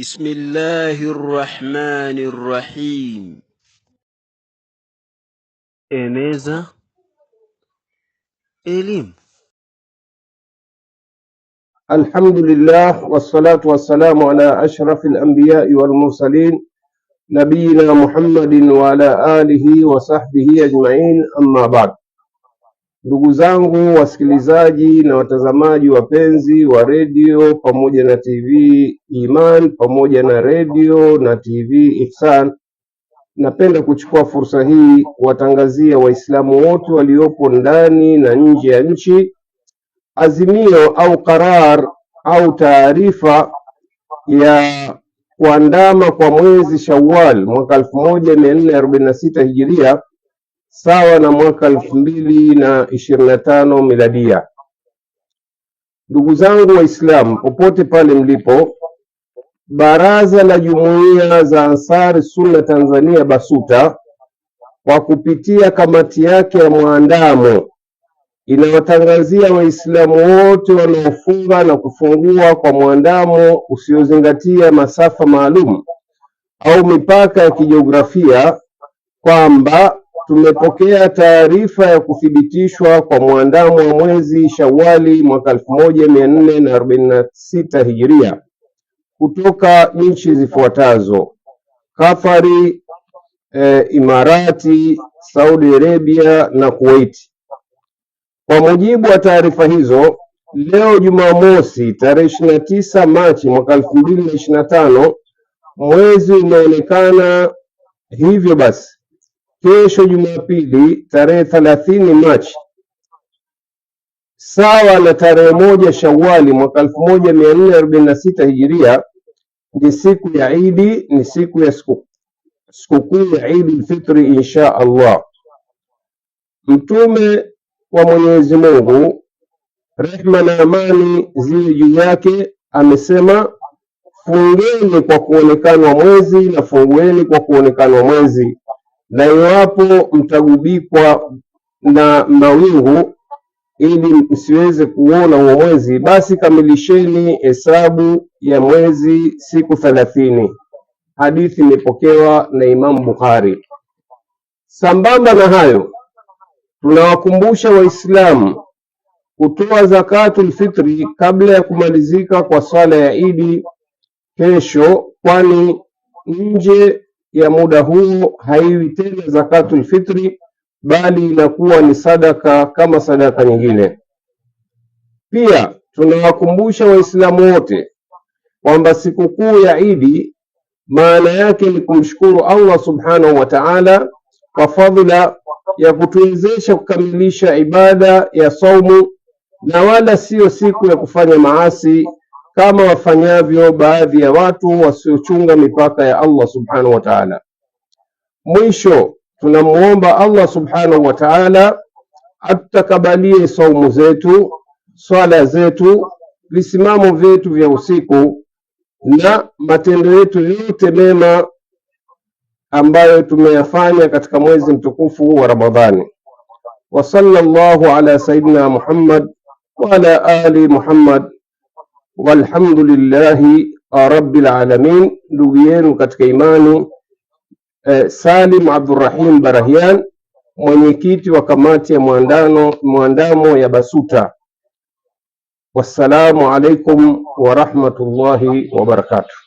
بسم الله الرحمن الرحيم eneza إليم الحمد لله والصلاة والسلام على أشرف الأنبياء والمرسلين نبينا محمد وعلى آله وصحبه أجمعين أما بعد Ndugu zangu wasikilizaji na watazamaji wapenzi wa redio pamoja na TV Iman pamoja na redio na TV Ihsan, napenda kuchukua fursa hii kuwatangazia Waislamu wote waliopo ndani na nje ya nchi azimio au karar au taarifa ya kuandama kwa mwezi Shawwal mwaka elfu moja mia nne arobaini na sita hijiria sawa na mwaka elfu mbili na ishirini na tano miladia. Ndugu zangu Waislamu popote pale mlipo, Baraza la Jumuiya za Ansari Sunna Tanzania BASUTA kwa kupitia kamati yake ya mwandamo inawatangazia Waislamu wote wanaofunga na kufungua kwa mwandamo usiozingatia masafa maalum au mipaka ya kijiografia kwamba Tumepokea taarifa ya kuthibitishwa kwa mwandamo wa mwezi Shawali mwaka elfu moja mia nne na arobaini na sita hijiria kutoka nchi zifuatazo: Kafari, e, Imarati, Saudi Arabia na Kuwait. Kwa mujibu wa taarifa hizo, leo Jumamosi tarehe 29 Machi mwaka 2025 na mwezi umeonekana hivyo basi kesho Jumapili tarehe thelathini Machi sawa na tarehe moja Shawali mwaka elfu moja mia nne arobaini na sita hijiria ni siku ya Idi, ni siku ya sikukuu ya idi Fitri insha Allah. Mtume wa Mwenyezi Mungu, rehma na amani ziwe juu yake, amesema fungeni kwa kuonekanwa mwezi na fungueni kwa kuonekanwa mwezi na iwapo mtagubikwa na mawingu ili msiweze kuona huo mwezi, basi kamilisheni hesabu ya mwezi siku thelathini. Hadithi imepokewa na Imamu Bukhari. Sambamba na hayo, tunawakumbusha Waislamu kutoa zakatul fitri kabla ya kumalizika kwa swala ya Idi kesho, kwani nje ya muda huo haiwi tena zakatul fitri, bali inakuwa ni sadaka kama sadaka nyingine. Pia tunawakumbusha Waislamu wote kwamba sikukuu ya Idi maana yake ni kumshukuru Allah subhanahu wa ta'ala kwa fadhila ya kutuwezesha kukamilisha ibada ya saumu na wala siyo siku ya kufanya maasi kama wafanyavyo baadhi ya watu wasiochunga mipaka ya Allah subhanahu wa ta'ala. Mwisho tunamwomba Allah subhanahu wa ta'ala atakabalie saumu zetu, swala zetu, visimamo vyetu vya usiku na matendo yetu yote mema ambayo tumeyafanya katika mwezi mtukufu wa Ramadhani. Wa sallallahu ala sayidina Muhammad wa ala ali Muhammad walhamdulillahi rabbil alamin. Ndugu yenu katika imani eh, Salim Abdurrahim Barahian, mwenyekiti wa kamati ya mwandano mwandamo ya BASUTA. Wassalamu alaikum warahmatullahi barakatuh.